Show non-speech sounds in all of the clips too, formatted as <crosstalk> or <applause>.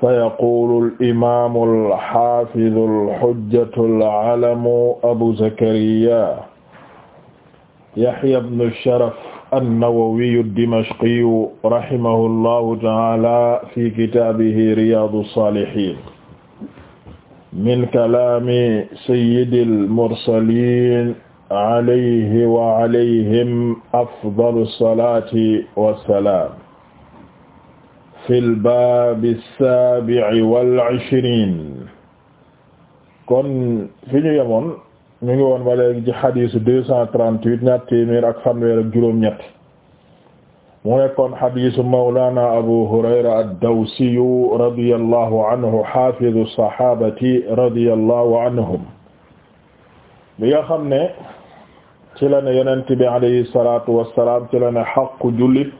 فيقول الإمام الحافظ الحجة العلم أبو زكريا يحيى بن الشرف النووي الدمشقي رحمه الله تعالى في كتابه رياض الصالحين من كلام سيد المرسلين عليه وعليهم أفضل الصلاة والسلام fi lbaabi lsaabici wal ishriin kon fi ñu yemoon ñu ngi woon ba léegi ci xadiisu deux cent trente-huit ñaar téeméer ak fanweer ak juróom-ñett mu nekkoon xadiisu mawlaana abu hurayra ad-dawsiyu radiyallahu anhu xaafidu saxaabati radiyallahu anhum bi nga xam ne ci la ne yonent bi alayhi salaatu wassalaam ci la ne xaqu jullit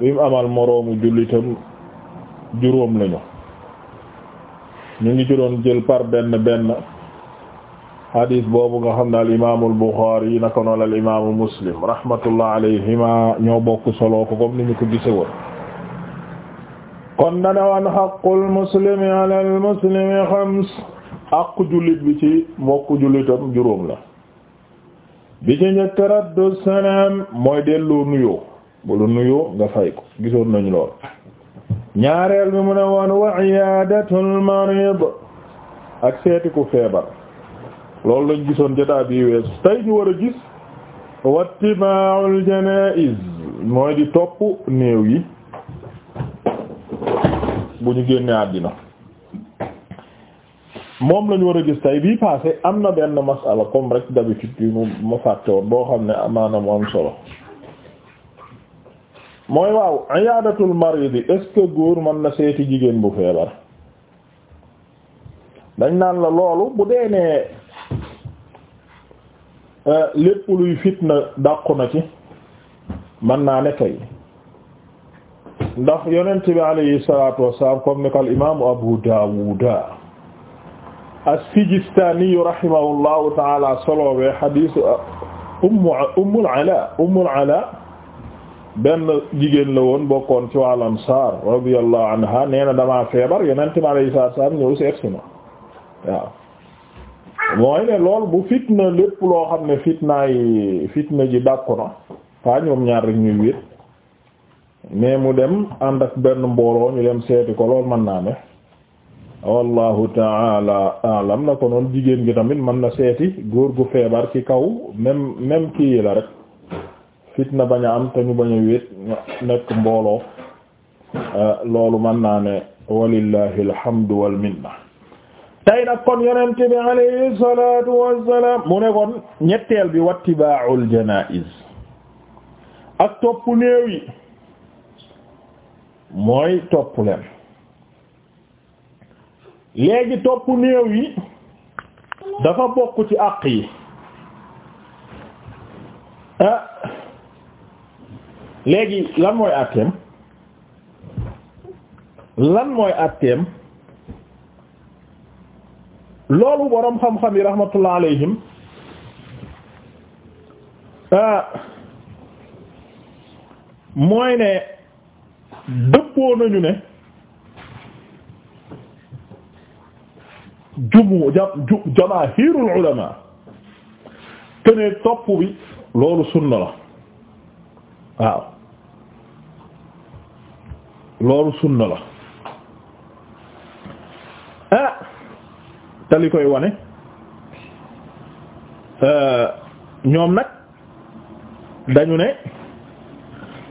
bi mu amal moroomu jullitam juróom lañu ñu ngi ci jël par benn benn hadis boobu nga xam ne al imaamul Buxaari yi naka noonu al imaamu Muslim rahmatullah alayhima ñoo bokk solo ko comme ni ñu ko gise woon kon dana wan xaqul muslimi ala al muslimi xams aqu jullit bi ci mbokku jullitam juróom la bi ci njëkk raddu salaam mooy delloo nuyoo bu lu nuyu nga fay ko gisoon nañu lool ñaareel bi mu ne woon wa iyadatul marid ak seeti ku feebar loolu lañ gisoon jotaay bi weesu tey ñu war a gis wattiba'ul janaiz mooy di topp néew yi bu ñu génnee àddina moom lañu war a gis tey bii passé am na benn masala comme rek d'habitude yi mu ma fàtte woon boo xam ne amaana mu am solo mooy waaw iyaadatul marid est góor mën na seeti jigéen bu feebar dañ naan la loolu bu dee nee euh, lépp luy fitna dàqu na ci mën naa ne kay ndax yonent bi alayhi salaatu wassalaam comme ni ko al abu daawuda as-sijistaani rahimahullahu taala solowee xadiisu ummul ala ummul benn jigéen la woon bokkoon ci waa Ansaar radiyallahu anha nee na damaa feebar yeneen mi alayhi salaam ñëw seet si waaw mooy ne loolu bu fitna lépp loo xam ne fitnaay fitna ji dàkku na faa ñoom ñaar rek ñuy wéet mais mu dem ànd ak benn mbooloo ñu dem seeti ko lool mën naa ne wallahu taala alam na ko noonu jigéen gi tamit mën na seeti góor gu feebar ci kaw même même kii la rek fitna bañ am te bañ a wéet nekk mbooloo euh, loolu man naa ne walillahi alhamdu wal tey nag kon yonent bi alayhi salatu wassalam ak topp néew yi mooy topp leen léegi topp néew yi dafa bokk ci àq yi ah, léegi lan mooy àtteem lan mooy àtteem loolu boroom xam-xam yi rahmatullah alayhim ah, mooy ne dëppoo nañu ne jumu jamaahirul ulama te ne topp bi loolu sunna la waaw loolu sunna la ah, te li koy wane eh, ñoom nag dañu ne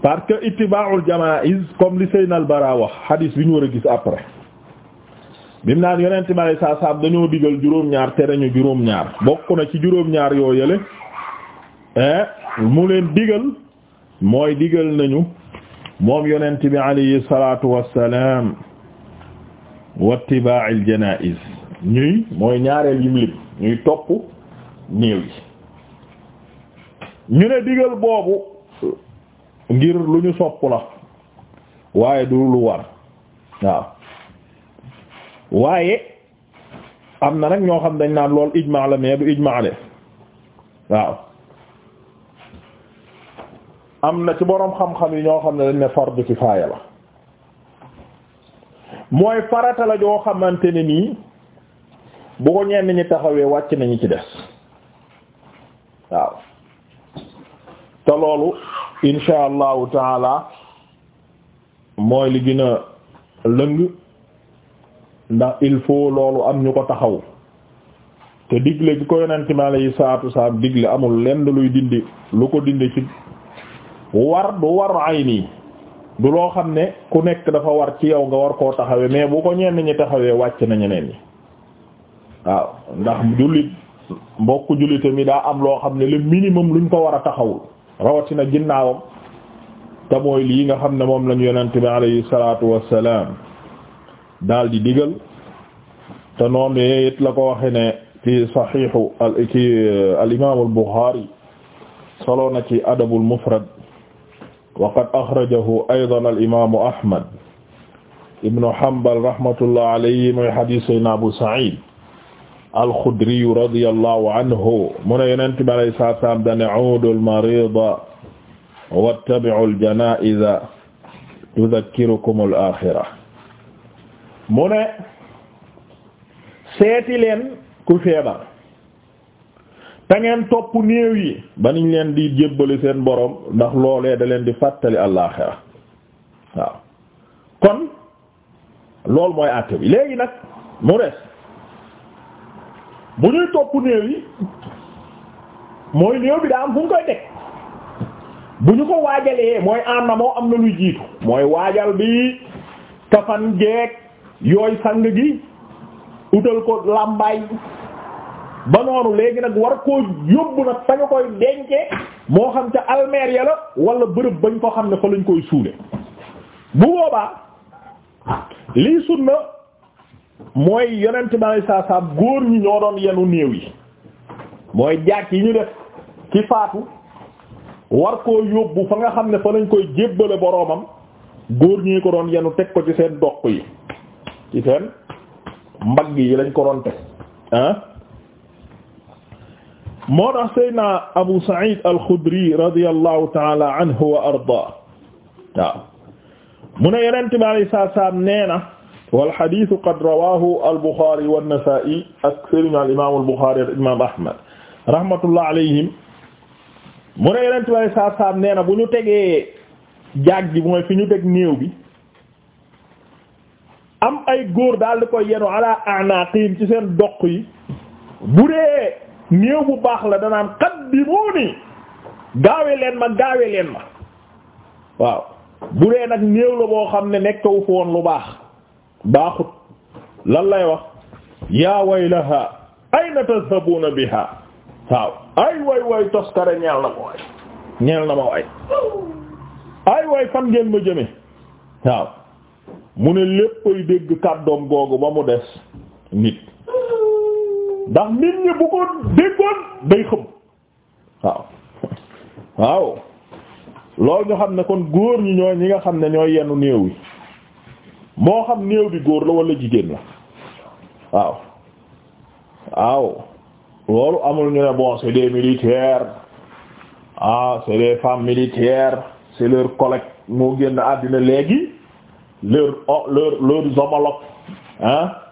parce que ittiba'ul jama'iz comme li Seynal Bara wax hadis bi ñu war a gis après bim naan yonent ma lay saa saab dañoo digal juróom-ñaar tere ñu juróom-ñaar bokk na ci juróom-ñaar yoo yële eh, mu leen digal. mooy digal nañu moom yonent bi alayhi salatu wassalam wattiba'il janaiz ñuy mooy ñaareel yim lim ñuy topp néew yi ñu ne digal boobu ngir lu ñu sopp la waaye du lu war waaw waaye am na nag ñoo xam dañ naan lool ijmaa la mais du ijmaa de waaw am na ci boroom xam-xam yi ñoo xam ne dañ ne fardu kifaaya la mooy farata la joo xamante ne nii bu ko ñenn ñi taxawee wàcc nañu ci des waaw te loolu insha allahu taala mooy li gën a lëng ndax il faut loolu am ñu ko taxaw te digle gi ko yonent mi alayhi salaatu wasalaam digle amul lenn luy dindi lu ko dindi ci war du war ayni du loo xam ne ku nekk dafa war ci yow nga war koo taxawee mais bu ko ñenn ñi taxawee wàcc na ñeneen ñi waaw ndax jullit mbokk jullite mi daa am loo xam ne le minimum luñ ko war a taxawul rawatina ginnaawam te lii nga xam ne moom lañu yonent bi alayhi salaatu wassalaam daal di digal te noonu it la ko waxe ne ci saxiixu al ci al imaamul Buxaari solo na ci adabul mufrad waqad axrajahu aydan al'imaamu Ahmad ibn Hanbal rahmatullah alayhi muy hadiis Seydina Abu Saïd al-Khudri radiyallahu anhu mu ne Yonent bi alayhi salaatu wa salaam dane uuduu al-mariida wattabi'uu al-janaa'iza tudakkirukum al-aaxira mu ne seeti leen ku feebar te ngeen topp néew yi ba niñ leen di jébbali seen boroom ndax loolee da leen di fàttali àllaaxira waaw kon loolu mooy àtte bi léegi nag mu des bu ñuy topp néew yi mooy néew bi daa am fu ñu koy teg bu ñu ko waajalee mooy ànd moo am na luy jiitu mooy waajal bi kafan geek yooy sang gi utal ko làmbaay ba noonu léegi nag war koo yóbbu nag fa ñu koy dencee moo xam ca almeer ya la wala bërëb bañ koo xam ne fa lañ koy suule bu boobaa lii sunna mooy yonent bi saa saa góor ñi ñoo doon yenu néew yi mooy jàkk yi ñu def ci faatu war koo yóbbu fa nga xam ne fa lañ koy jébbale boroomam góor ñi ko doon yenu teg ko ci seen doq yi ci seen mbagg yi lañ ko doon teg moo tax Seydina Abu Saïd al-Khudri radiyallahu ta'ala anhu wa ardaa waaw mu ne Yonent bi alayhi salaatu salaam nee na wal qad rawaahu al-Buxaari wan-Nasaa'i ak Sëriñ al-Imaam al-Buxaari ak Imaam Ahmad rahmatullahi alayhim mu ne Yonent bi alayhi salaatu salaam bu ñu tege jaag ji mooy fi ñu teg néew am ay góor daal di koy yenu ala a'naaqihim ci seen doq yi bu dee. néew bu baax la danaan qaddimuni gaawe leen ma gaawe leen ma waaw bu dee nag néew la boo xam ne nekkawu fa woon lu baax baaxut lan lay wax yaa waylaha ayna tadhabuna biha waaw ay way way toskare ñeel na ma way ñeel na ma way ay way fan ngeen ma jëme waaw mu ne léppay dégg kàddoom googu ba mu des nit ndax nit ñi bu ko déggoon day xëm waaw waaw loolu ñu xam ne kon góor ñi ñooy ñi nga xam ne ñooy yenu néew yi moo xam néew bi góor la walla jigéen la waaw waaw loolu amul ñu ne bon c'est des militaires ah c'est des femmes militaires c'est leur collègue moo génn àddina léegi leur oh, leur leurs homologues ah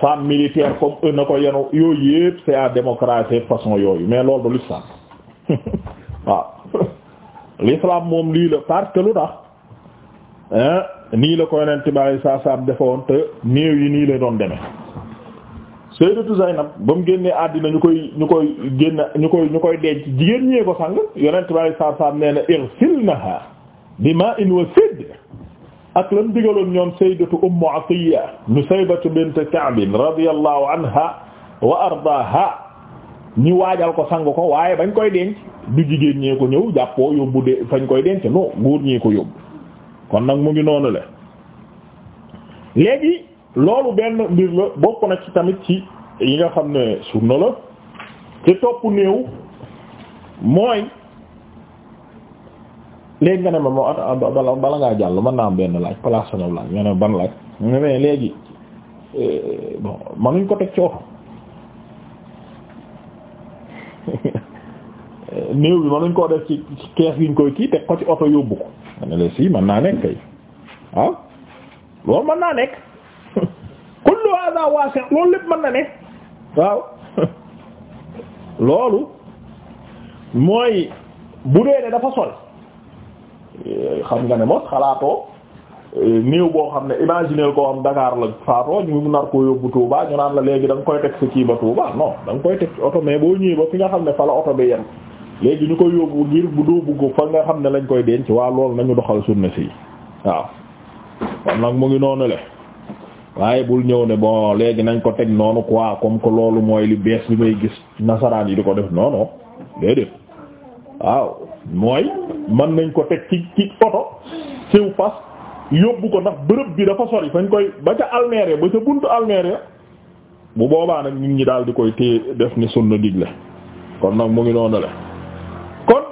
femme militaire comme na ko yenu yooyu yëpp c'est à démocratie façon yooyu mais loolu du l'islam <laughs> waaw l'islam moom lii la part que lu tax nii la ko yonent bi saa saa defoon te néew yi nii la doon demee Sayyidatu Zaynab ba mu génnee àddina ñu koy ñu koy génn ñu koy ñu koy denc jigéen ñee ko sang yonent bi saa saa nee na irsilnaha bima'in wa sidr ak lan digaloon ñoom sayyidatu ummu atiya nusaybatu bint ka'b radiyallahu anha wa ardaha ñi waajal ko sang ko waaye bañ koy denc du jigéen ñee ko ñëw jàppoo yóbbu de fañ koy denc non góor ñee ko yóbbu kon nag mu ngi noonu le léegi loolu benn mbir la bokk na ci tamit ci yi nga xam ne sunna la te topp néew mooy léegi nga ne ma moo at bala bala ngaa jàll man naa am benn laaj place sanaw laaj nga ne ban ne léegi euh, bon manuñ ko teg ci oto <laughs> néew bi manuñ koo def ci kees yuñ koy kii teg ko ci oto yóbbu ko ma naa nekk kay waaw ah? loolu naa nekk <laughs> kullu hada wasi' <laughs> loolu mooy bu dee ne dafa sol xam nga ne mos xalaatoo euh, néew boo xam ne imaginer ko am Dakar la faatoo ñu nar koo yóbbu Touba ñu naan la léegi danga koy teg sa kii ba Touba non da koy teg ci oto mais boo ñëwee ba fi nga xam ne fa la oto bi yem léegi ñu koy yóbbu ngir bu doo bugg fa nga xam ne lañ koy denc waa loolu nañu doxal sunna si waaw kon nag mu ngi noonu le waaye bul ñëw ne bon léegi nañ ko teg noonu quoi comme que loolu mooy li bees bi may gis nasaraan yi di ko def non waaw mooy mën nañ ko teg ci ci oto siw fas yóbbu ko ndax bërëb bi dafa sori fañ koy ba ca almeere ba ca buntu almeere bu boobaa nag nit ñi daal di koy téye def ni sunna digle kon nag mu ngi noonu la kon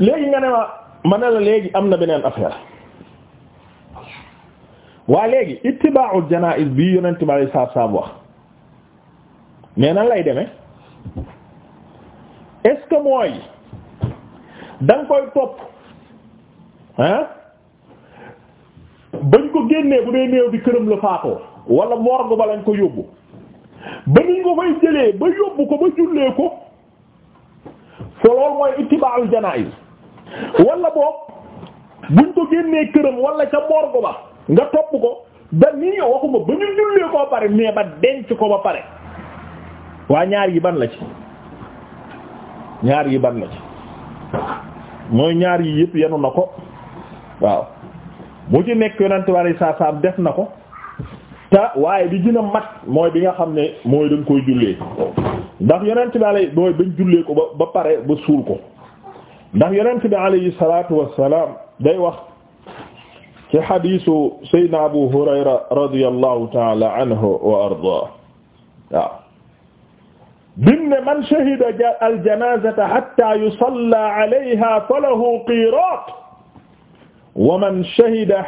léegi nga ne ma ma la léegi am na beneen affaire waa léegi ittiba'ul janaa'iz bi yonent bi sallallahu alayhi wasallam wax mais nan lay deme est-ce que mooy da nga koy topp ah bañ ko génnee bu dee néew bi këram la faatoo wala morgue ba lañ ko yóbbu ba niñ ko fay jëlee ba yóbbu ko ba jullee ko fo loolu mooy ittibaa'ul janaa'iz wala boog buñ ko génnee këram wala ca morgue ba nga topp ko ba nii waxuma ba ñu jullee ko pare mais ba denc ko ba pare waa ñaar yi ban la ci. ñaar yi ban la ci mooy ñaar yi yëpp yenu na ko waaw bu ci nekk yonent bari saa saam def na ko te waaye bi gën a mat mooy bi nga xam ne mooy dañ koy jullee ndax yonent bi alay mooy bañ jullee ko ba ba pare ba suul ko ndax yonent bi alayhi salaatu wassalaam day wax ci xadiisu saydna abu hurayra radiyallahu taala anhu wa waaw bim ne man shahida aljanazata hatta yusalla alayha falahu qirat wa man shahida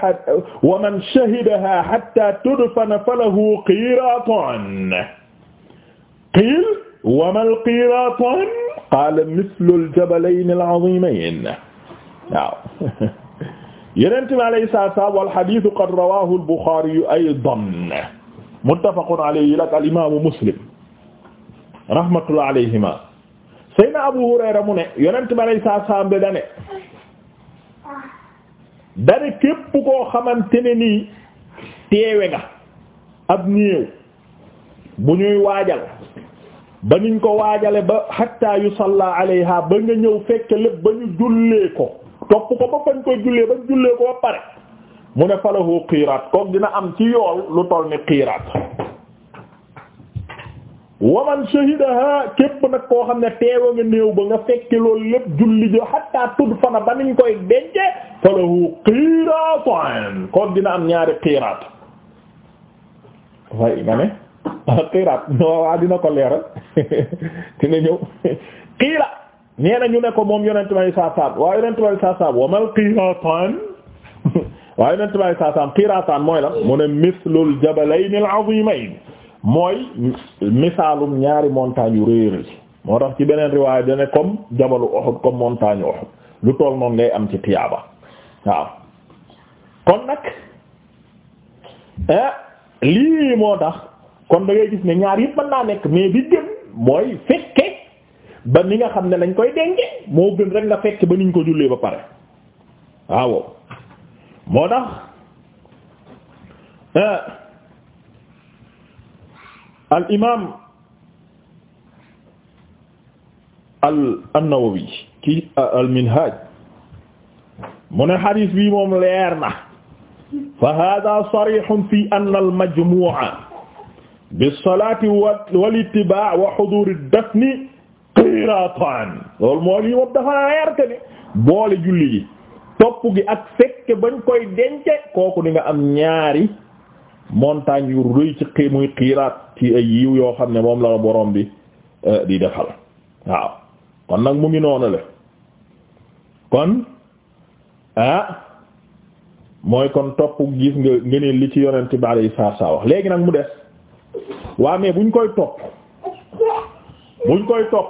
wa man shahidaha hatta tudfana falahu qiratan qil wa mal qiratan qala mithlu aljabalayn alazimayn waaw <laughs> yeneen tamit alayhi salaatu wa salaam wal hadiisu qad rawaahu al-Buxaari aydan muttafaqun alayhi al-imaamu Muslim rahmatullah alayhima sayna Abu Hurayra mu ne yonent bi alay saa saam de dane dane képp koo xamante ne nii teewe nga ab néew bu ñuy waajal ba niñ ko waajale ba hatta yusalla alayha ba nga ñëw fekk lépp ba ñu jullee ko topp ko ba bañ koy jullee ba jullee ko ba pare mu ne falahu xiiraat kook dina am ci yool lu toll ni xiiraat waman shahidaha képp nag koo xam ne teewa nga néew ba nga fekke loolu lépp julli jo hatta tudd fana ba niñ koy dence falahu qiraatan kon dina am ñaari qiraat way nga ne ah, qiraat waa dina ko leeral <laughs> dina ñëw <laughs> qiira nee na ñu ne ko moom yonent may saasaam waa yonent may saasaam wamal qiraatan <laughs> waa yonent may mooy la mu ne mislul jabalayn al mooy misaalum ñaari montagnes yu rëy rëy moo tax ci beneen riwaay dane comme jabalu Uhud comme montagne Uhud lu toll moom ngay am ci tiyaaba waaw kon nag eh, lii moo tax kon da ngay gis ne ñaar yëpp mën naa nekk mais bi gën mooy fekke ba ni nga xam ne lañ koy denge moo gën rek nga fekke ba niñ ko jullee ba pare waaw moo tax eh, al imaam al an-Nawawi ki euh, al minhaj mu ne xadis bi moom leer na fa hada sarihun fi anna al majmu'a bis-salati wal ittiba' wa hudur ad-dafn qiratan loolu moo lii moom dafa leer te ne boole julli gi topp gi ak fekke bañ koy dence kooku di nga am ñaari montagne yu rëy ci xii muy xiiraat ci ay yiw yoo xam ne moom la borom bi euh, di defal waaw kon nag mu ngi noonu le kon ah mooy kon topp gis nga ngeen li ci yonent bi alayhi saa wax léegi nag mu des waa mais buñ koy topp buñ koy topp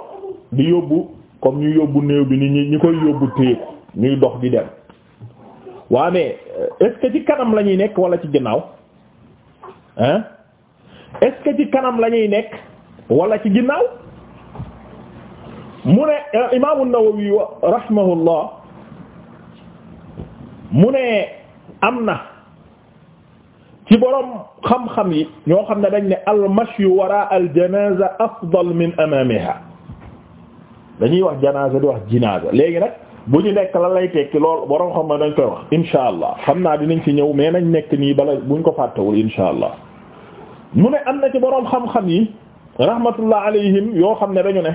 di yóbbu comme ñu yóbbu néew bi ni ñi ñi koy yóbbu téye ñuy dox di dem waa mais euh, est ci kanam la ñuy nekk wala ci ginnaaw. hein est-ce que ci kanam la ñuy nekk wala ci ginnaaw mu ne euh, imaamu An-Nawawi rahimahullah mu ne am na ci boroom xam-xam yi ñoo xam ne dañ ne al-mashyu wara al-janaza afdal min amamiha dañuy wax janaza di wax jinaza léegi nag bu ñu nekk la lay tekki lool boroom xam na dañ koy wax insha allah xam naa dinañ ci ñëw mais nañ nekk nii bala buñ ko fàttewul insha allah mu ne am na ci borom xam-xam yi rahmatullah alayhim yoo xam ne dañu ne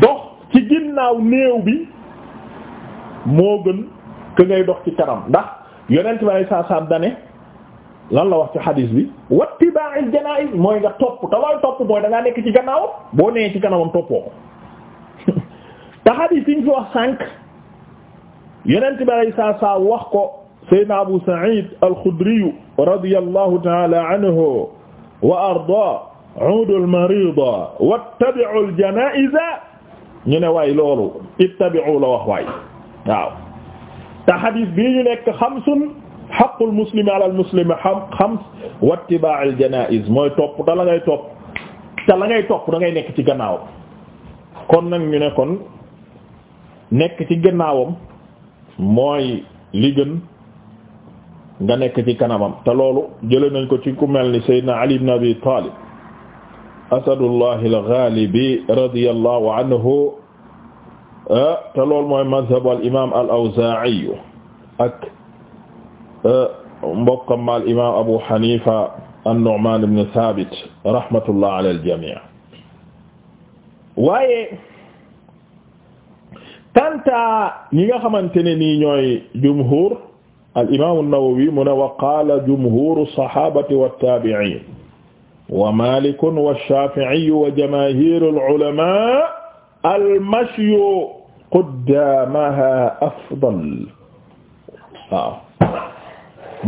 dox ci ginnaaw néew bi moo gën que ngay dox ci kanam ndax yonent bi saa saa dane lan la wax ci xadiis bi wattiba'il janaa'iz mooy nga topp te looy topp mooy da ngaa nekk ci gannaaw boo nee ci kanamam toppoo ko taxadis yi ñu fi wax sànq yonent bi alayhi salaatu wa salaam wax ko Seydina Abu Sa'id al-Khudri radiyallahu ta'ala anhu wa arda udu al-marida wattabi'u al-janaa'iza ñu ne waay loolu ittabi'u la wax waay waaw te xadis bii ñu nekk xamsun xaqul muslimi ala al-muslimi xams wattibaa'u al-janaa'iz mooy topp da la ngay topp te la ngay topp da ngay nekk ci gannaaw kon nag ñu ne kon nekk ci gannaawam mooy li gën nga nekk ci kanamam te loolu jëlee nañ ko ci ku mel ni Seydina Ali ibn Abi Talib asadullah al-ghalibi radiyallahu anhu te loolu mooy mazhabu al imam al-Awza'i ak mbokkam ma al imam Abu Hanifa an-Nu'man ibn Thabit rahmatullah ala al-jami' waaye kanta ñi nga xamante ne nii ñooy jumhur al imam an-Nawawi mu ne wa qaala jumhuru sahabati wat-tabi'in wa Malik wa Shafi'i wa jamaahirul ulama al-mashyu quddamaha afdal waaw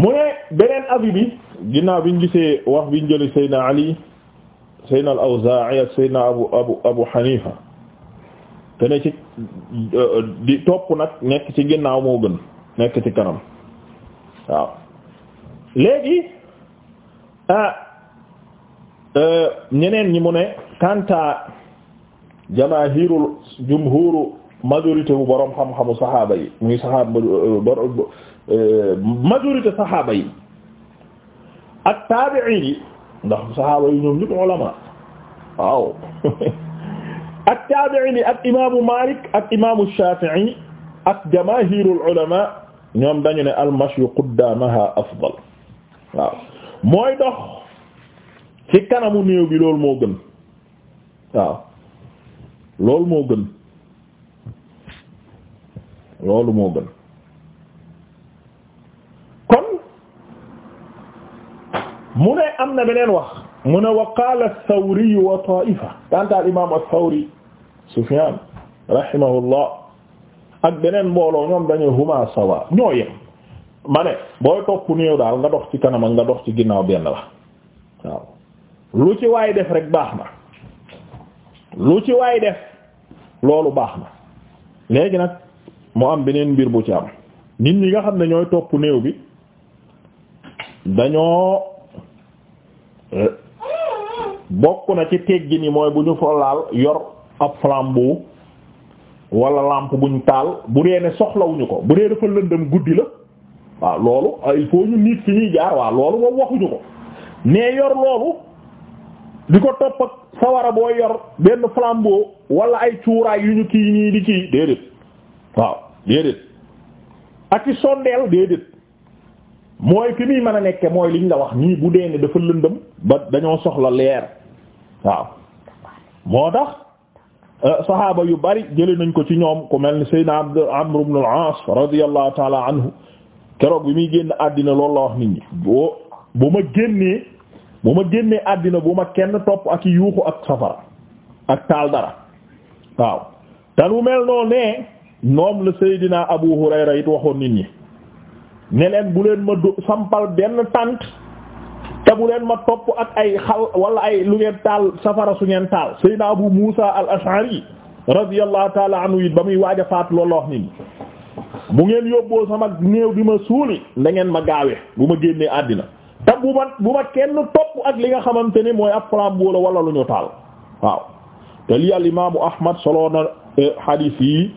mu ne beneen avis bi ginnaaw biñ gisee wax biñ jëli Seydina Ali Seydina al-Awzaa'i Seydina Abu Abu Abu Hanifa te ci euh, euh, di topp nag nekk ci ginnaaw moo gën nekk ci kanam waaw léegi a ah, euh, ñeneen ñi mu ne kanta jamaahirul jumhuru majorité bu borom xam-xamu saxaaba yi muy saxaaba majorité saxaaba yi ak taabi'iin yi ndax saxaaba yi ñoom ñëpp ulama waaw <laughs> ak taabi'in yi ak imaamu Malik ak imaamu Shafi'i ak jamaahirul ulama ñoom dañu ne al-mashyu quddaamaha afdal waaw mooy dox ci kanamu néew bi loolu moo gën waaw loolu moo gën loolu moo gën kon mu ne am na beneen wax mu ne wa qaala ath-Thawri wa taifa kantaal imam ath ak beneen mbooloo ñoom dañu huma sawa ñoo yem ma ne booy topp néew daal nga dox ci kanama nga dox ci ginnaaw benn la waaw lu ci waay def rek baax na lu ci waay def loolu baax na léegi nag mu am beneen mbir bu ci am nit ñi nga xam ne ñooy topp néew bi dañoo bokk na ci teggi ni mooy bu ñu fa laal yor ab flambeau wala lampe buñ taal bu dee ne soxlawuñu ko bu dee dafa lëndëm guddi la waaw loolu ah, il faut ñu nit fi ñuy jaar waaw loolu moom waxuñu ko mais yor loolu di ko topp ak sawara boo yor benn flambeau wala ay cuuraay yu ñu kii nii di kii déedéet waaw déedéet ak ci sondeel déedéet mooy fi muy mën a nekke mooy liñ la wax nii bu dee ne dafa lëndëm ba dañoo soxla leer waaw moo tax euh, saxaaba yu bari jëlee nañ ko ci ñoom ku mel ni Seydina Abd Amr ibn al-As radiyallahu anhu keroog bi muy génn àddina lool la wax nit ñi boo bu ma génnee bu ma génnee àddina bu ma kenn topp ak yuuxu ak safara ak taal dara waaw te mel noonu ne noom la Seydina Abu Hurayra it waxoon nit ñi ne leen bu leen ma do sampal benn tànt te bu leen ma topp ak ay xal wala ay lu ngeen taal safara su ngeen taal Seydina Abu Musa al-Ash'ari radiyallahu taala anhu it ba muy waaja a faat loolu la wax nii bu ngeen néew di ma suuli da ma gaawe bu ma génnee àddina te bu ma bu kenn topp ak li nga xamante ne mooy ab flambeau la wala taal waaw te lii al imaamu Ahmad solo na hadith eh, yi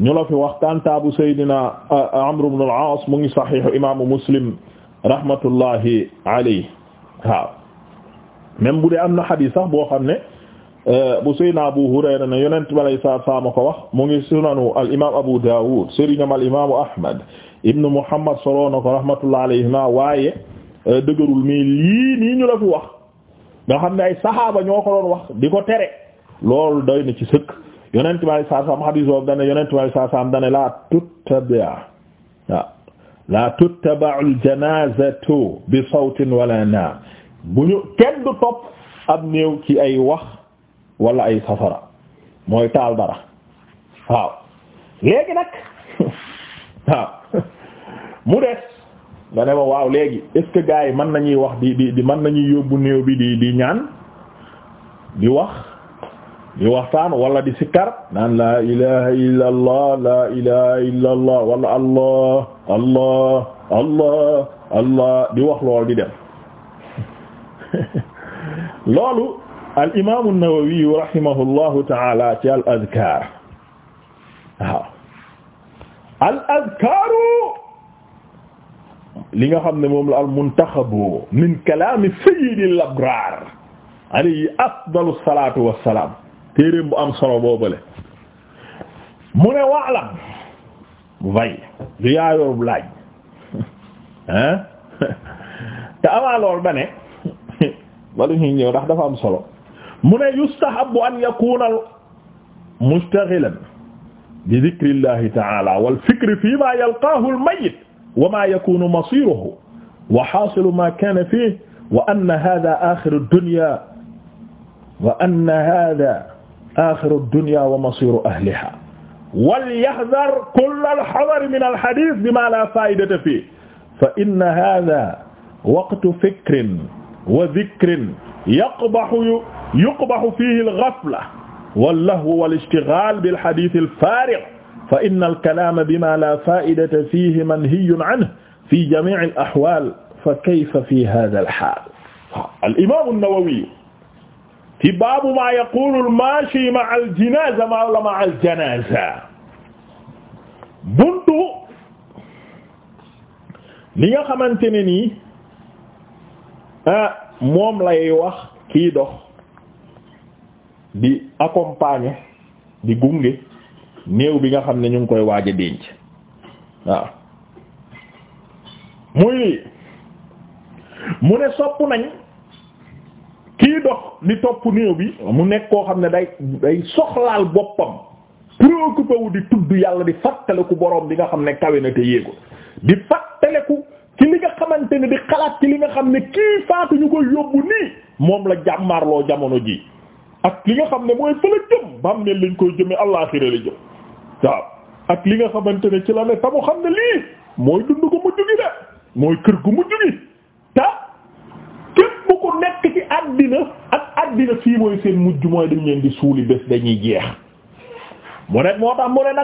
ñu la fi wax kantaabu Seydina eh, Amr ibn al-As mu ngi saxiix imaamu Muslim rahmatullahi alayhi waaw même bu dee am na xadiis sax boo xam ne euh, bu Seydina Abu Hurayra ne yonent balay saa saa ma ko wax mu ngi sunanu al imaam Abu Dawud sëriñam al imaamu Ahmad ibnu Muhammad solo na ko rahmatullah alayhima waaye euh, dëgërul mais lii nii ñu la fi wax nga xam ne ay saxaaba ñoo ko doon wax di ko tere loolu doy na ci sëkk yonent balay saa saa ma xadiis boobu dana yonent balay saa saa am dana laa tutta bi waaw la tuttaba'u al-janazatu bi sawtin wala naam bu ñu kenn du topp néew ci ay wax wala ay safara mooy taal dara waaw léegi <laughs> mu des nga ne ma waaw léegi est ce que gars yi mën nañuy wax di di di mën nañuy yóbbu néew bi di di ñaan di wax di waxtaan wala di sikkar naan la ilaha illa allah la ilaha illa wala allah allah allah allah di wax lool di dem loolu al imam an-Nawawi rahimahullahu taala ci al azkar waaw al azkaru li nga xam ne moom la al muntaxabu min kalaami sayyidil abrar alayhi afdalu salatu wassalam téeréem bu am solo boobale mu ne waalam vay lu yaayoobu laaj hein te avant loolu dane balu ñuy ñëw ndax dafa am solo mu ne yustahabu an yakuna mustaghilan bi dhikrillahi ta'ala wal fikri fi ma yalqaahu al mayyit wa ma yakunu masiruhu wa hasilu ma kana fihi wa anna hadha akhiru ad-dunya wa anna hadha akhiru ad-dunya wa masiru ahliha wal yahdar kull al-hadar min al-hadith bima la fa'idata fi fa inna hadha waqtu fikrin wa dhikrin yaqbahu yuqbahu fihi al-ghafla wal-lahwu wal-ishtighal bil-hadith al-farig fa inna al-kalama bima la fa'idata fihi manhiyyun anhu fi jami' al-ahwal fa kayfa fi hadha al-hal al-imam an-nawawi fi baabu maa yaqulu al-maashi ma'a al-janaaza wala ma'a al-janaaza buntu li nga xamante ne nii ah, moom lay wax kii dox di accompagner di gunge néew bi nga xam ne ñu ngi koy waaj a denc waaw muy mu ne sopp nañ kii dox li topp néew bi mu nekk koo xam ne day day soxlaal boppam préoccupé wu di tudd yàlla di ku boroom bi nga xam ne kawe na te yéego di fàttaliku ki li nga xamante ne di xalaat ci li nga xam ne kii faatu ñu koy yóbbu nii moom la jàmmaarloo jamono ji ak li nga xam ne mooy fa la jëm bam ne lañ la jëm waaw li nga xamante ne ci la ne tamu xam ne lii mooy dund ko mujj gi de mooy kër gu mujj gi ta képp ku nekk ci àddina ak àddina fii mooy seen mujj mooy dañ leen di suuli bés dañuy jeex mu ne moo tax mu ne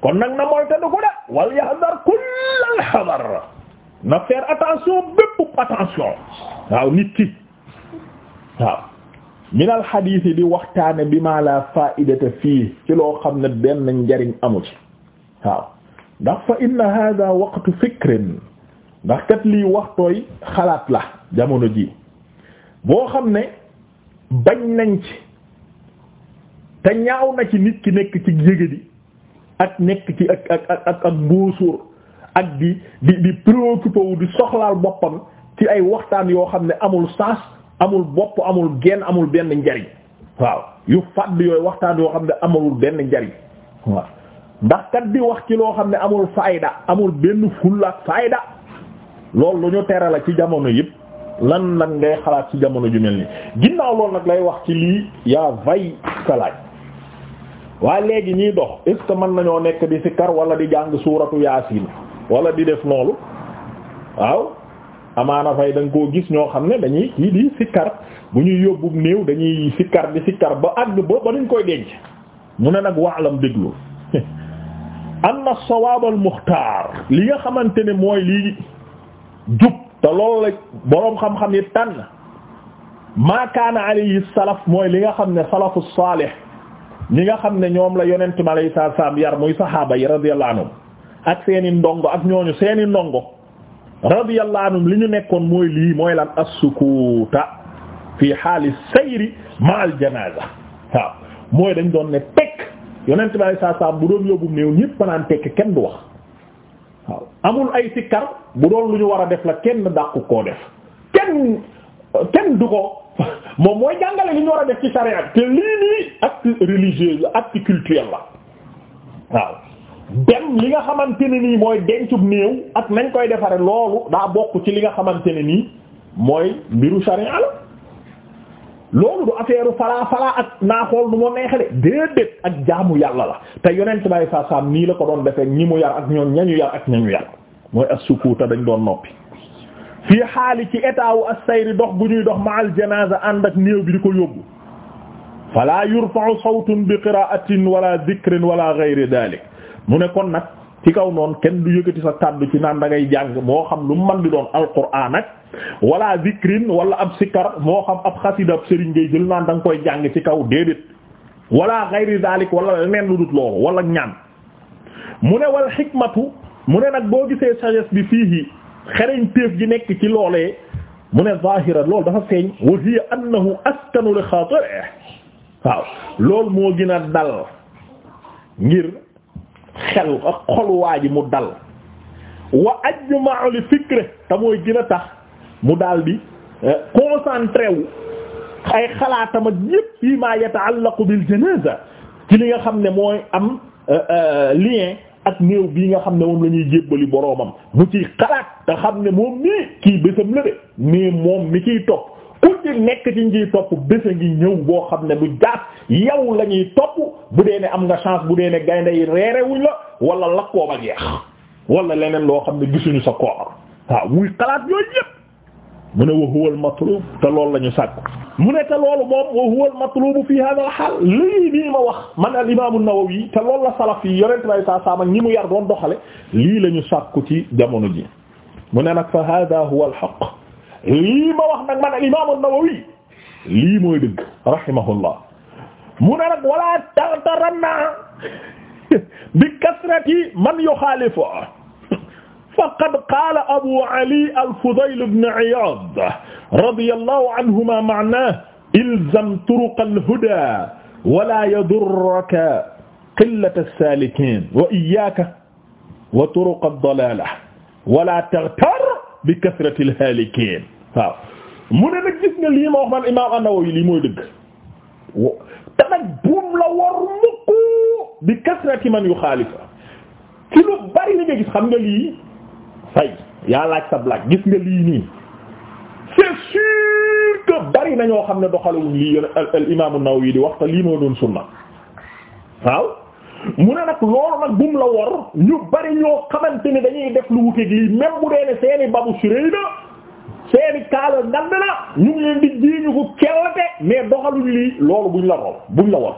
kon nag na mooy te du ko de wal yahdar kullal hadar na faire attention bépp attention waaw nit ki waaw minal xadiis yi di waxtaane bi ma la faidata fii ci loo xam ne benn njariñ amu ci waaw ndax fa inna hada waqtu fikrin ndax kat lii waxtooy xalaat la jamono ji boo xam ne bañ nañ ci te ñaaw na ci nit ki nekk ci yégadi ak nekk ci ak ak ak ak ak di di di di soxlaal boppam ci ay waxtaan yoo xam ne amul sens amul bopp amul genn amul benn njariñ waaw yu fàdd yooyu waxtaan yoo xam ne amul benn njariñ waaw ndax kat di wax ci loo xam ne amul fayda amul benn fulla fayda loolu lu ñu tere la ci jamono yépp lan nag ngay xalaat ci jamono ju mel nii ginnaaw loolu nag lay wax ci lii yaa vay sa laaj waaye léegi ñiy dox est que mën nañoo nekk di sikkar wala di jàng suuratu yaasin wala di def noolu waaw amaana fay da koo gis ñoo xam ne dañuy kii di sikkar bu ñuy yóbbu néew dañuy sikkar di sikkar ba àgg ba ba duñ koy denc mu ne nag waalam déglu <laughs> anna sawaabal muxtaar li nga xamante ne mooy lii jub te loolu la boroom xam-xam yi tànn maa kaana alayhi salaf mooy li nga xam ne salafu saalih ñi nga xam ne ñoom la yonent mi alayhi salaam yar muy saxaaba yi radiyallahu anhum ak seeni ndongo ak ñooñu seeni ndongo radiyallahu anhum li ñu nekkoon mooy lii mooy lan as-sukuuta fi xaali sayri ma'al janaaza waaw mooy dañ doon ne tekk yonent bi alayhi salaam bu doon yóbbu néew ñépp naan tekk kenn du wax amul ay sikkar bu doon lu ñu war a def la kenn dàqu koo def kenn kenn du ko <laughs> moom mooy jàngale li ñu war a def ci charia te lii nii acte religieux la acte culturel la waaw dem li nga xamante ne nii mooy dencub néew ak nañ koy defare loolu daa bokk ci li nga xamante ne nii mooy mbiru charia la loolu du affaire falaa falaa ak naa xool nu ma neexale déedéet ak jaamu yàlla la te yonent bay saa saam nii la ko doon defee ñi mu yar ak ñoom ñañu yar ak ñañu yar mooy as-sukuuta dañ doon noppi fii xaali ci état wu as dox bu ñuy dox ma janaza ànd ak néew bi di ko yóbbu fala yurfa'u sawtun bi qira'atin wala dhikrin wala ghayri dhalik mu ne kon nag ci kaw noonu kenn du yëkkati sa kàddu ci naan da ngay jàng moo xam lu man di doon alquran ak wala zikrin wala ab sikar moo xam ab xasida ab sëriñ ngay jël naan da koy jàng ci kaw déedéet wala gayri dalik wala leneen lu dut loolu wala ñaan mu ne wal xikmatu mu ne nag boo gisee sagesse bi fii fiihi xereñ téef gi nekk ci loolee mu ne zahira loolu dafa feeñ wa hiya annahu askanu li xaatire waaw loolu moo gën a dal ngir xel ak xol waa ji mu dal wa ajma'u li fikre te mooy gën a tax mu daal di eh, concentré wu ay xalaatam yépp fii ma yata'allaqu bil janaza ci li nga xam ne mooy am eh, eh, lien ak néew bii nga xam ne moom lañuy ñuy jébbali boroomam mu ci xalaat te xam ne moom mii kii bésam la de mais moom mi ciy topp ku ci nekk ci ngi topp bésa ngi ñëw boo xam ne bu jaas yow la ñuy topp bu dee ne am nga chance bu dee ne gaynde yi reerewuñ la wala lakkoo ba jeex wala leneen loo xam ne gisuñu sa koor waaw muy xalaat yooyu yépp mu ne wa al matlub te lool lañu ñu mu ne te loolu moom wa huwa al matlub fi hada al lii nii ma wax man al imam an-Nawawi te loolu la salaf yi yonent bay saa saam ñi mu yar doon doxale lii la ñu ci jamono ji mu ne nag fa hada huwa lii ma wax nag man al imam an-Nawawi lii mooy dëgg rahimahullah mu ne nag wala taghtaranna bi kasrati man yukhalifu faqad qaala Abu Ali al-Fudayl ibn Iyad radiyallahu anhuma ma'nahu ilzam turuq al-huda wala yadurruka qillatu as-salikin wa iyyaka wa turuq ad-dalalah wala taghtar bi kasratil haalikiin waaw mu ne nag gis nga lii ma man imaam an-Nawawi lii mooy dëgg te nag buum la war mukk bi kasrati man yu xaalifa ci lu bari li nga gis xam nga lii fay yaa laaj sa black gis nga lii nii c'est sûr que bari na ñoo xam ne doxalewuñ lii al imaamu Nawawi di wax lii moo doon sunna waaw mu ne nag loolu nag bum la wor ñu bari ñoo xamante ni dañuy def lu wuteeg lii même bu dee ne seeni babu surey na seeni kaala ngand na ñu ngi leen di jiiñu ko kellate mais doxaluñ lii loolu buñ la rool buñ la wor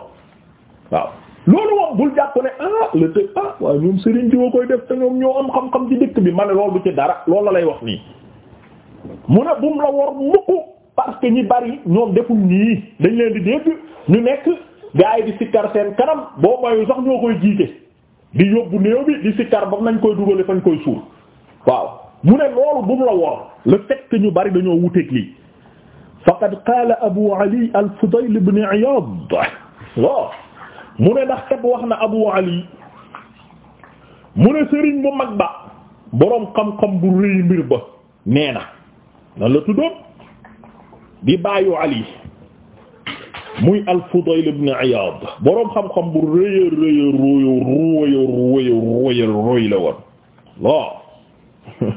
waaw loolu moom bul jàpp ne ah le tëg ah waaye ñoom Serigne Diouf koy def te ñoom ñoo am xam-xam ci dëkk bi ma ne loolu du ci dara lool la lay wax nii mu ne bum la wor mukk parce que ñi bari ñoom defuñ nii dañ leen di dégg ñu nekk gaa yi di sikkar seen kanam boo mayu sax ñoo koy jiite di yóbbu néew bi di sikkar bam nañ koy dugale fañ koy suur waaw mu ne loolu bu mu la woor le fait ñu bari dañoo wuteeg lii faqad qaala abu ali al fudayl ibn iyad lo mu ne ndax kat wax na abu ali mu ne sëriñ bu mag ba boroom xam-xam bu rëy mbir ba nee na nan la tuddoon di baayu ali muy al-Fudayl ibn Iyad boroom xam-xam bu rëy a rëy a rëy a rëy a rëy la woon waaw <laughs>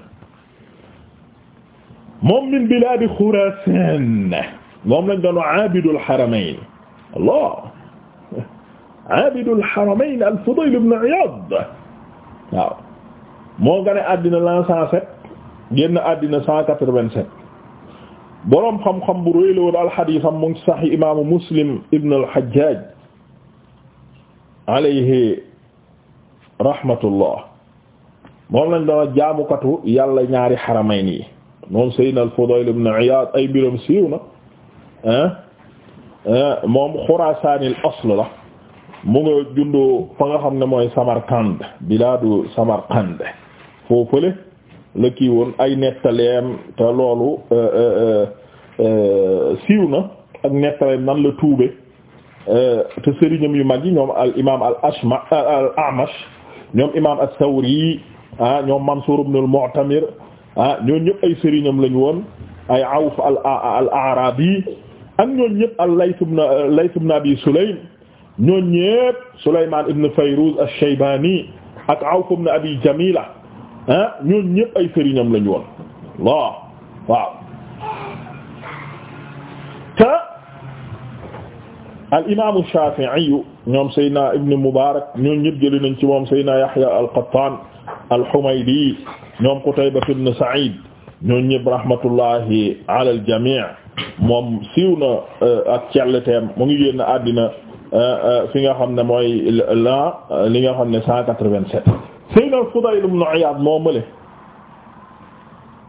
moom min bilaadi Xuraasaan moom lañ doon aabidul haramayn Allah <laughs> aabidul haramayn al-Fudayl ibn Iyad waaw moo gane àddina l'an 107 génn àddina 187 boroom xam-xam bu rëy la woon alxadiisam mu ngi saxi muslim ibn alxajjaaj alayhi rahmatullah moom lañ doon jaamukatu yàlla ñaari xaramayn yi moom sayyidina al-Fudayl ibn Iyaad ay biram siiw na moom xuraasaanil asl la mu nga jundoo fa nga xam ne mooy Samarkand bilaadu Samarkand foofule la kii woon ay nettaleem te loolu euh, euh, euh, siiw na ak nettaleem nan la tuube te sëriñam yu mag yi ñoom al imaam al ashma al amash ñoom imaam as-Sawri ah ñoom Mansuur ibn al-Mu'tamir ah ñooñu ñëpp ay sëriñam lañu woon ay Awf al al Arabi ak ñooñu ñëpp al Layth ibn Layth ibn Abi Sulaym ñooñu ñëpp Sulaymaan ibn Fayruz ash-Shaybani ak Awf ibn Abi Jamila ah ñoom ñëpp ay sëriñam lañu woon waaw waaw te al imaamu Shaafi'i ñoom Seydina Ibn Mubaarak ñoom ñëpp jëli nañ ci moom Seydina Yahya al-Qattaan al-Humaydi ñoom Qutayba ibn Sa'iid ñoom ñëpp rahmatullahi ala al-jamii' moom siiw na eh, ak celleteem mu ngi génn àddina eh, eh, fi nga xam ne mooy la li nga xam ne 187. Seydina al-Fudayl ibn Iyaad moo mële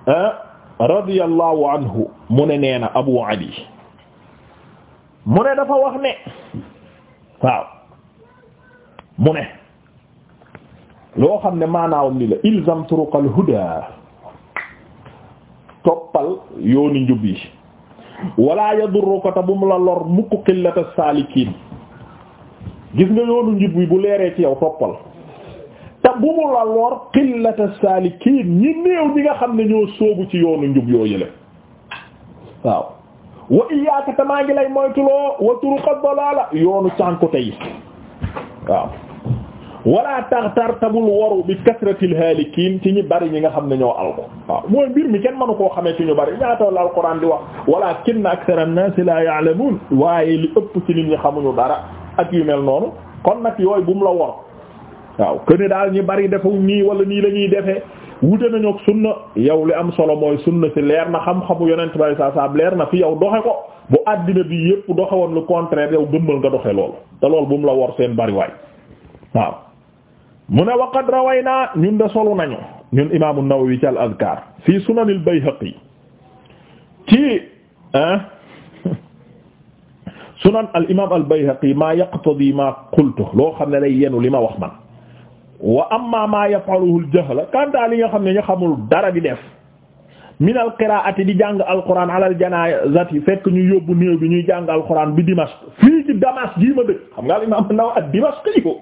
ah, radiyallahu anhu mu ne nee na Abu Ali mu ne dafa wax ne waaw mu ne loo xam ne maanaaw li la ilzam turuqal huda toppal yoonu njub yi wala yadurruka ta bu mu la lor mukk qillata saalikiin gis nga yoonu njub bi bu leeree ci yow toppal te bu mu la lor qillata saalikiin ñi néew ñi nga xam ne ñoo sóobu ci yoonu njub yoo yële waaw wa iyyaka te maa ngi lay moytuloo wa turuqa dalaala yoonu cànkute yi waaw wala tartar tabul waru bi kasratil haalikiin ci ñi bari ñi nga xam ne ñoo alko waaw mooy mbir mi kenn mënu koo xamee ci ñu bari ñaata la alquran di wax walaakinna aktharan naasi laa ya'lamuun waaye li ëpp ci nit ñi xamuñu dara ak yu mel noonu kon nag yooyu bu mu la wor waaw këne daal ñi bari defu nii wala nii la ñuy defee wute nañu sunna yow li am solo mooy sunna si leer na xam-xamu yonent bay saa saa leer na fi yow doxe ko bu àddina bi yépp doxe woon lu contraire yow gëmmal nga doxe loolu te loolu bu mu la wor seen bariwaay waaw mu ne waqad rawaynaa ñun de solu nañu ñun imaamu Nawawi ci al azkaar fi sunanil Bayhaqi ci <laughs> sunan al imaam al Bayhaqi maa yaqtadi maa qultu loo xam ne lay yenu li ma wax man wa amma ma yafaluhu al jahla kanta li nga xam ne ñu dara di def min al qiraati di jàng alquran alal janazati fekk ñu yóbbu néew bi ñuy jàng alquran bi Dimashq fii ci Damas gii ma dëkk xam nga al imam Nawawi ak Dimashq yi ko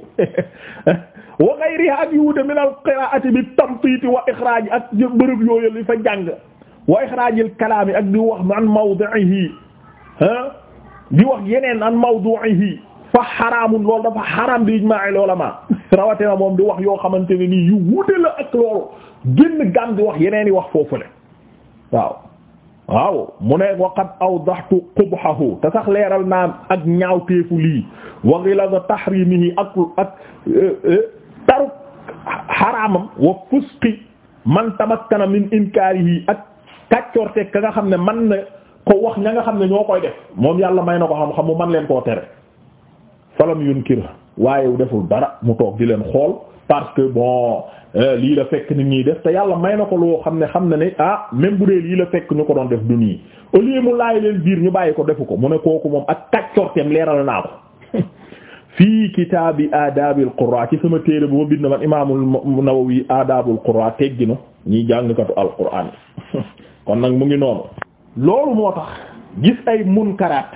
wa ghayriha ak yuwute min al qiraati bi tamtiiti wa ixraaj ak bërëb yooyu li fa jàng wa ixraajil kalaami ak di wax an mawdi'ihi ha di wax yeneen an mawdu'ihi fa xaraamun loolu dafa xaraam bi ijma'il ulama rawatina moom di wax yoo xamante ne nii yu wute la ak loolu génn gàm di wax yeneen i wax foofule waaw waaw mu ne waqad awdaxtu qubhahu te sax leeral naa ak ñaawteefu lii wa ghilaza tahrimihi ak ak euh, euh, taru xaraamam wa fusqi man tamakkana min inkaarihi ak kàccorte ka nga xam ne man na ko wax ña nga xam ne ñoo koy def moom yàlla may na ko xam-xam mu man leen koo tere falam yunkir waaye deful bara mu toog di leen xool parce que bon euh, lii la fekk nit ñi def te yàlla may na ko loo xam ne xam na ne ah même bu dee lii la fekk ñu ko doon def du nii au lieu mu laay leen biir ñu bàyyi ko defu ko mu ne kooku moom ak tàccorteem leeral naa ko <laughs> fii kitaabi aadaabil qur'an ci sama téere bu ma bind man imaamul Nawawi aadaabul qur'an tegginu ñiy jàngkatu alqur'an <laughs> kon nag mu ngi noonu loolu moo tax gis ay munkaraat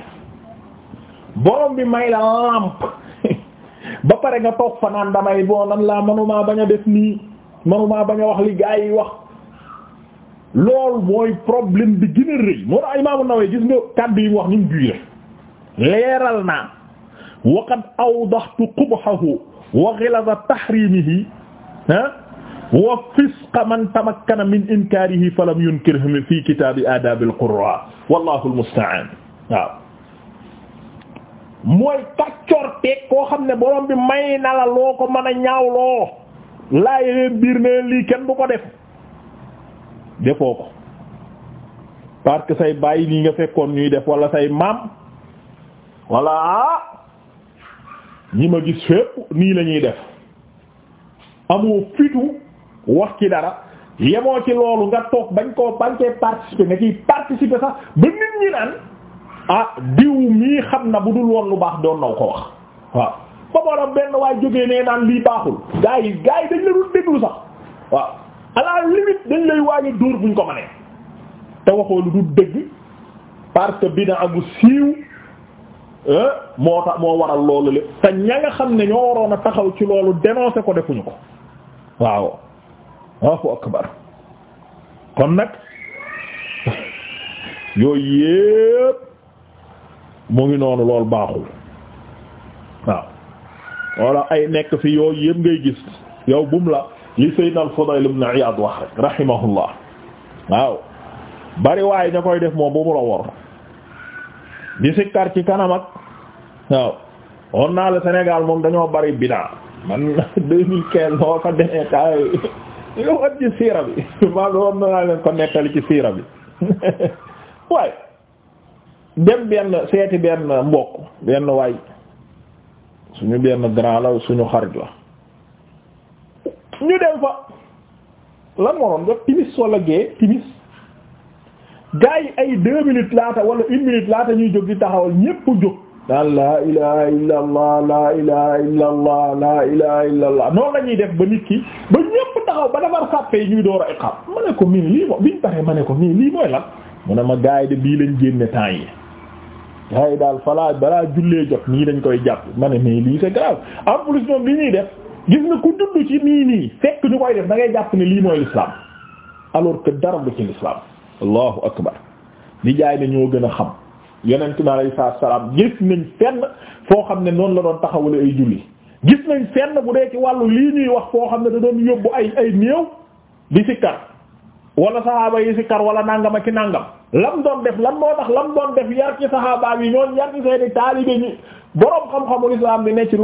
borom bi may la lamp <laughs> ba pare nga toog fa naan damay bon nan laa manumaa bañ a def nii manumaa bañ a wax li gaa yi wax loolu mooy problème bi gën a rëy moo tax Imaamu Nawawi gis nga kàddu yi mu wax ni mu juy leeral naa waqad awdaxtu qubhahu wa ghilza tahrimihi ah, wa fisqa man tamakkana min inkaarihi falam yunkirhu fi kitaabi aadaabil qurraa wallaahu al-musta'aan waaw mooy kaccoor teeg koo xam ne borom bi may na la loo ko mën a ñaaw ñaawloo laay leen biir ne lii kenn du ko def defoo ko parce que say bàyyi nii nga fekkoon ñuy def walla say maam wala ah ñi ma gis fépp nii la ñuy def amoo fitu wax ci dara yemoo ci loolu nga toog bañ koo bañ cee participer nga ciy participer sax ba nit ñi naan ah diw mii xam na bu dul woon lu baax doon naw ko wax waaw ba borom benn waay jógee nee naan lii baaxul gars yi gars yi dañ la dul déglu sax waaw à la dañ lay waaja dóor buñ ko mënee te waxoo lu dul dëgg parce que bida amu siiw moo tax moo waral loolu le te ña nga xam ne ñoo waroon a taxaw ci loolu dénoncer ko defuñu ko waaw Allahu akbar kon nag <laughs> yooyu yépp mu ngi noonu loolu baaxul waaw walla ay nekk fi yooyu yëpp ngay gis yow bum la li Sayyidna al-Fudayl ibn Iyad wax rek rahimahullah waaw bari waaye ña koy def moom bu mu la wor di sikkar ci kanam ak waaw won la Sénégal moom dañoo bari bida man <laughs> deux mille quinze moo fa demee kaay <laughs> yow at ci siira bi maa ngi woon ko nettali ci siira bi <laughs> waaye dem benn seeti benn mbokk benn waay suñu benn grand la suñu xarit la ñu dem fa lan moo doon jot timis wala gée timis gars yi ay deux minutes laata wala une minute laata ñuy jóg di taxawal ñépp jóg daan laa ilaha illa allah laa ilaha illa allah la ñuy def ba nit ki ba ñépp taxaw ba defar sàppe ñuy door a iqam ma ne ko mii lii moo biñu pare ma ne ko mii lii mooy lan mu ne ma gars yi de bii lañ génne temps yi yaay daal falaa balaa jullee jot nii dañ koy jàpp ma ne mais lii c'est grave en plus ñoom li ñuy def gis na ku dund ci nii nii fekk ñu koy def da ngay jàpp ne lii mooy l'islam alors que dara du ci l'islam allahu akbar li jaay ne ñoo gën a xam yonent mi alayhi salaatu salaam gis nañ fenn foo xam ne noonu la doon taxawale ay julli gis nañ fenn bu dee ci wàllu lii ñuy wax foo xam ne da doon yóbbu ay ay néew di sikkar wala saxaaba yi sikkar wala nangama ki nangam lam doon def lan moo tax lam doon def yar ci saxaaba yi ñoon yar ci seeni taalibe ñi boroom xam-xamul islam bi ne ci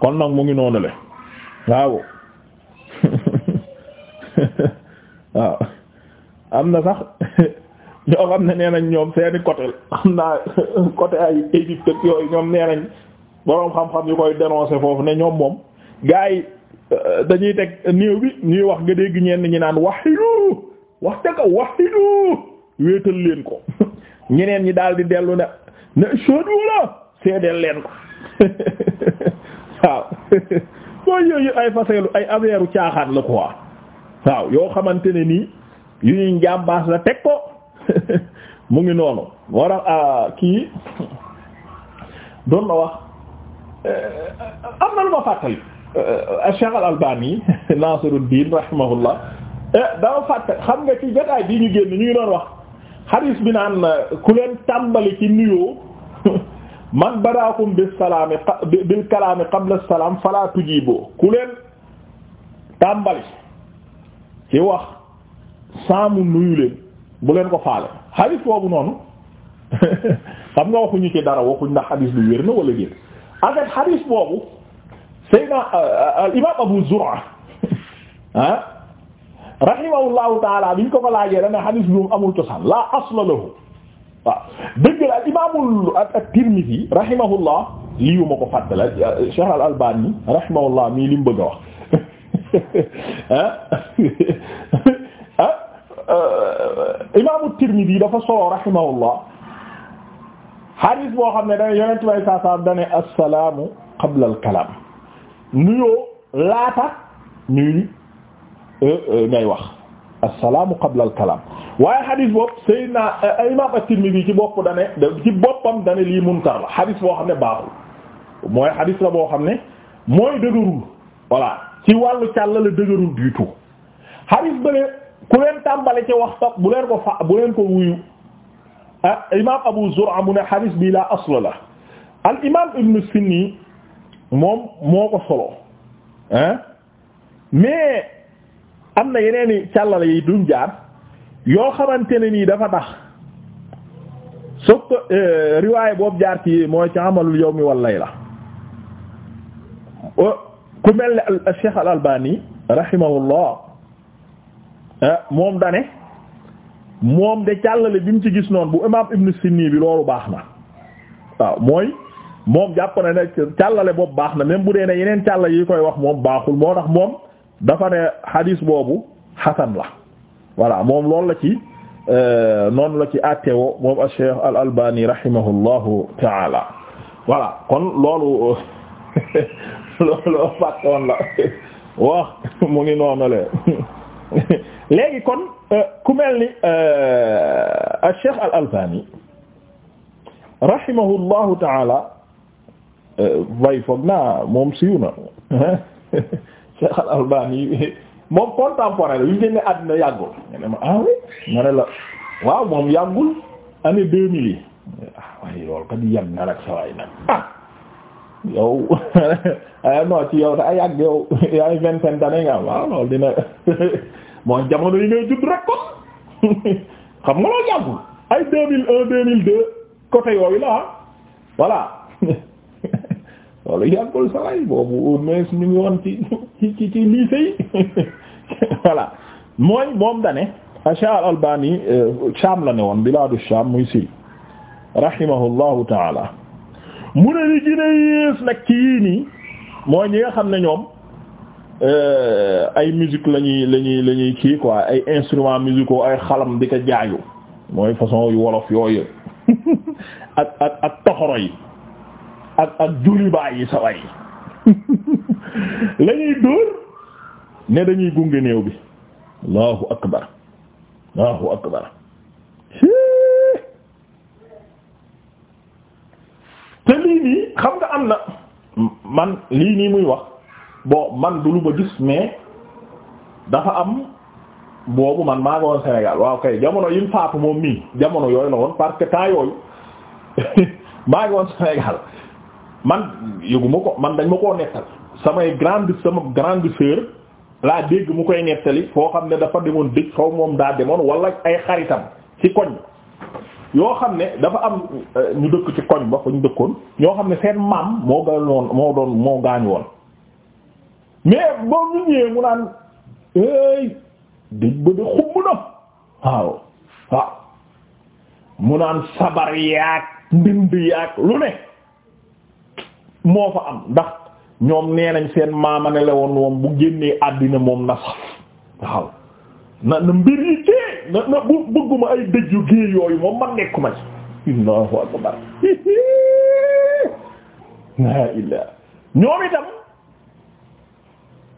kon nag mu ngi noonu le waaw <laughs> waaw am na sax <laughs> xam nañ ñoom seeni côté xam naa <laughs> côté ay yooyu ñoom nee nañ yu koy dénoncer foofu ne ñoom moom gaay dañuy teg néew bi ñuy wax nga dégg ñenn ñi naan waxidu wax ca kaw waxidu wéetal leen ko <laughs> ñeneen ñi daal di dellu ne ne shadu la seedeel leen ko <laughs> waaw <laughs> mooy yooyu ay faseelu ay affaire caaxaan la quoi waaw yoo xamante ne nii yu ñuy njàmbaas la teg ko mu ngi noonu moo tax ah, kii doon na wax eh, am na lu ma fàttali Euh, euh, Cheikh Al Albani <laughs> Nasiruddin rahimahullah eh, dama fàtte xam nga ci jotaay bi ñu génn ñu ngi doon wax hadith bi naan euh, ku leen tàmbali ci nuyoo <laughs> man badaakum bis salaami bil kalaami qabla salaam falaa tujiiboo ku leen tàmbali ci wax saamu nuyu leen bu leen ko faale hadith boobu noonu <laughs> xam nga waxuñu ci dara waxuñ ndax hadith bi wér na wala génn en fait boobu. Seydina euh, euh, al imaam Abu Zur'a <laughs> ah rahimahullahu taala biñ ko ko laajee dana xadis bi moom amul cosaan la asla lahu waaw dëgg la imaamul at-Tirmidhi rahimahullah lii wu ma ko fàttala euh, Cheikh al Albani rahimahullah mii li mu bëgg a wax <laughs> ah, <laughs> ah imaamul Tirmidhi dafa solo rahimahullah xadis boo xam ne dana yonent bay saa saa dane assalaamu qabla al-kalaam nuyoo laata nuyu euh, euh, ngay wax assalaamu qabla al kalaam waaye xadis boobu Seydina euh, imaam at-Tirmidhi ci bopp dane ci boppam dane lii munkar la xadis boo xam ne baaxul mooy xadis la boo xam ne mooy dëgërul voilà ci wàllu càll la dëgërul du tout xadis ku leen tàmbale ci wax toog bu leen ko fa wuyu ah, imaam Abu Zur'a mu ne xadis bii laa asla la al imaam Ibn Sinni moom moo ko solo hein mais am na yeneen i yi duñ jaar yoo xamante ne nii dafa tax sauf que euh, riwaay boobu jaar ci mooy ci amalul yawmi wal layla ku mel ne Cheikh Al Albani rahimahullah moom dane moom de càllale bi mu ci gis noonu bu imaam Ibn Sinni bi loolu baax na waaw mooy. moom jàpp na ne càllale boobu baax na même bu dee ne yeneen càlla yi koy wax moom baaxul moo tax moom dafa ne xadiis boobu xasan la voilà moom loolu la ci euh, noonu la ci àtteewoo moom al-Cheikh al-Albani rahimahullahu taala voilà kon loolu <laughs> loolu fàttoon <laughs> euh, ni euh, al way foog naa moom siiw na Cheikh Al Albani moom contemporain la yu ñu génne àddina yàggul nga ne ma ah oui ma la waaw moom yàggul année deux mille yi ah waaye loolu kat na nag sa waay nag ah yow <laughs> ah, non ci yow daa yàgg yow <laughs> yaay vingt cinq nga waaw loolu dina <laughs> mooy jamono yi ngay judd rek ko xam nga loolu yàggul ay deux mille un deux mille deux côté yooyu la ah wala yàggul salay boobu au ñu ngi woon ci ci ci yi <laughs> voilà mooy moom dane Cheikh al-Albani euh, Sham la ne woon bilaadu Sham muy si rahimahullahu taala mu ne li gën a nag ci yii nii mooy ñi nga xam ne ñoom euh, ay musique la ñuy la ñuy la ñuy kii quoi ay instruments musicaux ay xalam di ko jaayu mooy façon yu wolof yooyu <laughs> ak ak ak toxoro yi ak ak juli baay yi sa way la <laughs> dóor ne dañuy gunge néew bi allahu akbar allahu akbar <laughs> te lii nii xam nga am na man lii nii muy wax bon man du lu ma gis mais dafa am boobu man maa ngi woon Sénégal waaw kay jamono yim faatu moom mii jamono yooyu la woon parce que temps yooyu <laughs> maa ngi woon Sénégal man yëguma ko man dañ ma koo nettal samay grande sama grande sœur laa dégg mu koy nettali foo xam ne dafa demoon dëj xaw moom daa demoon wala ay xaritam ci koñ yoo xam ne dafa am euh, ñu dëkk ci koñ ba fa ñu dëkkoon ñoo xam ne seen maam moo gaañoon moo doon moo gaañ woon mais boo ñu ñëwee mu naan éy dëj ba de xumb na waaw waaw mu naan sabar yaag ndind yaag lu ne moo fa am ndax ñoom nee nañ seen maama ne la woon moom bu génnee àddina moom na saf waaw na na mbir yi tee na na bu bëgguma ay dëj yu géey yooyu moom man nekkuma ci allahu akbar la ñoom itam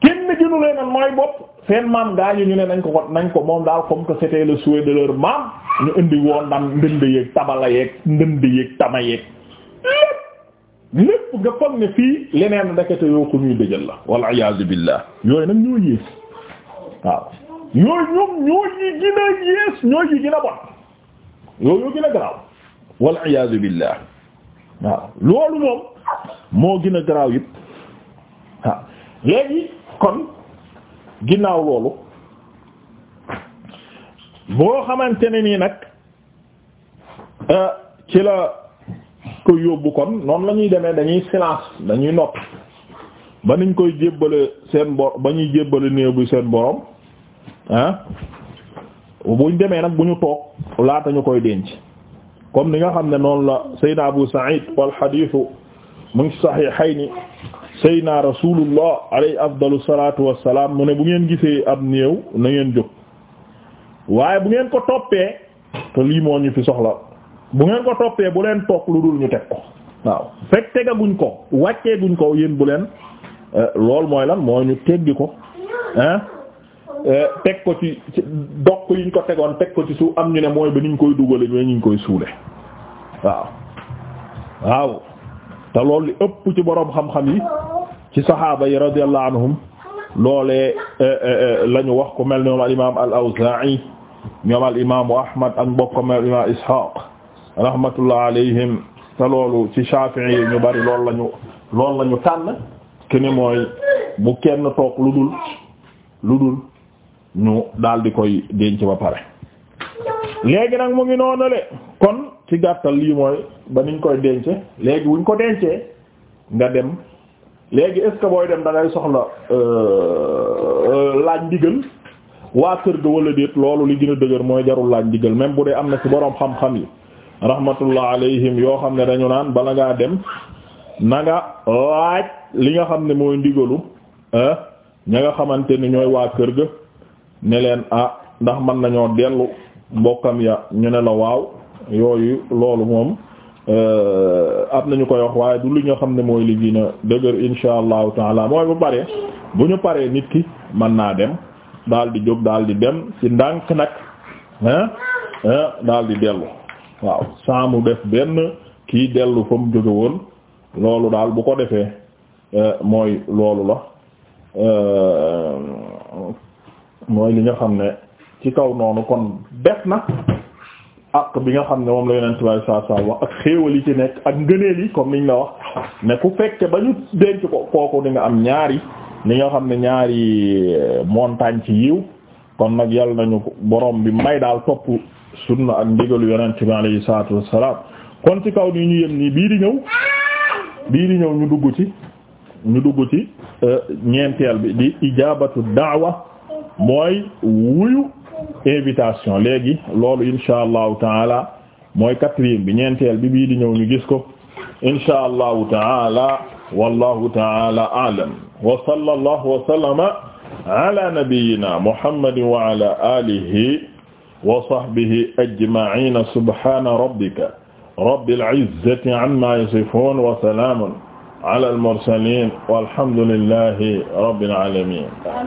kenn gënu leen a bopp seen maam gaañu ñu ne nañ ko ko nañ ko moom daal comme que c'était le souhait de leur maam ñu indi woon ndam ndënd yeeg tabala yeeg ndënd yeeg tama yeeg lépp nga foog ne fii leneen ndekete yoo ko ñuy dëjël la wal iyaazu billah yooyu nag ñoo yées waaw yooyu ñoom ñoo yi gën a yées ñoo yi gën bon yooyu yoo gën a garaaw wal iyaazu waaw loolu moom moo gën a garaaw léegi kon ginnaaw loolu boo xamante ne nii nag euh, ci la ko yóbbu kon noonu la ñuy demee dañuy silence dañuy noppi ba niñ koy jébbale seen bor ba ñuy jébbale néew bi seen borom ah buñ demee nag bu ñu toog laata ñu koy denc comme ni nga xam ne noonu la Seydina Abu Sa'id wal hadithu mu ngi sahihayni Seydina Rasulullah alayhi afdalu salatu wassalam mu ne bu ngeen gisee ab néew na ngeen jóg waaye bu ngeen ko toppee te lii moo ñu fi soxla bu ngeen ko toppee bu leen topp lu dul ñu teg ko waaw fekk tegaguñ ko wàccee guñ ko yéen bu leen euh, loolu mooy la moo ñu teggi ko euh, teg ko ci ci yiñ ko tegoon teg ko ci suuf mooy ba niñ koy dugale ñooy ñu koy suule waaw waaw te loolu li ëpp ci boroom xam-xam yi ci saxaaba yi radiyallahu anhum loolee euh, la ñu wax ko mel ñoom al imaam al awzaa'i ñoom al imaamu ahmad ak mbokk mel imaam ishaq rahmatullah alayhim te loolu ci Shafi'i yi ñu bari loolu lañu loolu lañu tànn kene mooy bu kenn toog lu dul lu dul ñu daal koy denc ba pare léegi nag mu ngi noonale kon ci gàttal lii mooy ba nuñ koy denc léegi wuñ ko dencee nga dem léegi est-ce que booy dem da ngay soxla euh, laaj ndigal waa kër ga wala déet loolu li gën a dëgër mooy jarul laaj ndigal même bu dee am na ci boroom xam-xam yi rahmatullah alayhim yoo xam ne dañu naan bala ngaa dem na nga li nga xam ne mooy ndigalu eh, ña nga xamante ni ñooy waa kër ga ne leen ah ndax mën nañoo dellu mbokkam ya ñu ne la waaw yooyu loolu moom eh, am nañu ko wax waaye du li nga xam ne mooy li gën a dëgër insha allahu taala mooy bu paree bu ñu paree nit ki mën naa dem daal di jóg daal di dem ci ndànk nag ah daal di dellu waaw saa mu def benn kii dellu fa mu jóge woon loolu daal bu ko defee euh, mooy loolu la euh, mooy li nga xam ne ci kaw noonu kon def na ak bi nga xam ne moom la yeneen tubaab saa saa wax ak xéewal yi ci nekk ak ngëneel yi comme niñ la wax ne ku fekke ba ñu denc ko kooku di nga am ñaari li nga xam ne ñaari euh, montagne ci yiw kon nag yàlla nañu borom bi may daal topp sunna ak ndigalu yonent bi alayhi salaatu wassalaam kon ci kaw nii ñu yem nii bii di ñëw bii di ñëw ñu dugg ci ñu dugg ci e, ñeenteel bi di ijaabatu daawa mooy wuyu invitation léegi loolu insha allahu taala mooy quatrième bi ñeenteel bi bii di ñëw ñu gis ko insha allahu taala wallahu taala a'lam wa sallallahu wa sallama ala nabiyyina muhammadin wa ala alihi wa sahbihi ajma'ina subhana rabbika rabbil izzati amma yasifun wa salamun ala al mursalin walhamdulillahi rabbil alamin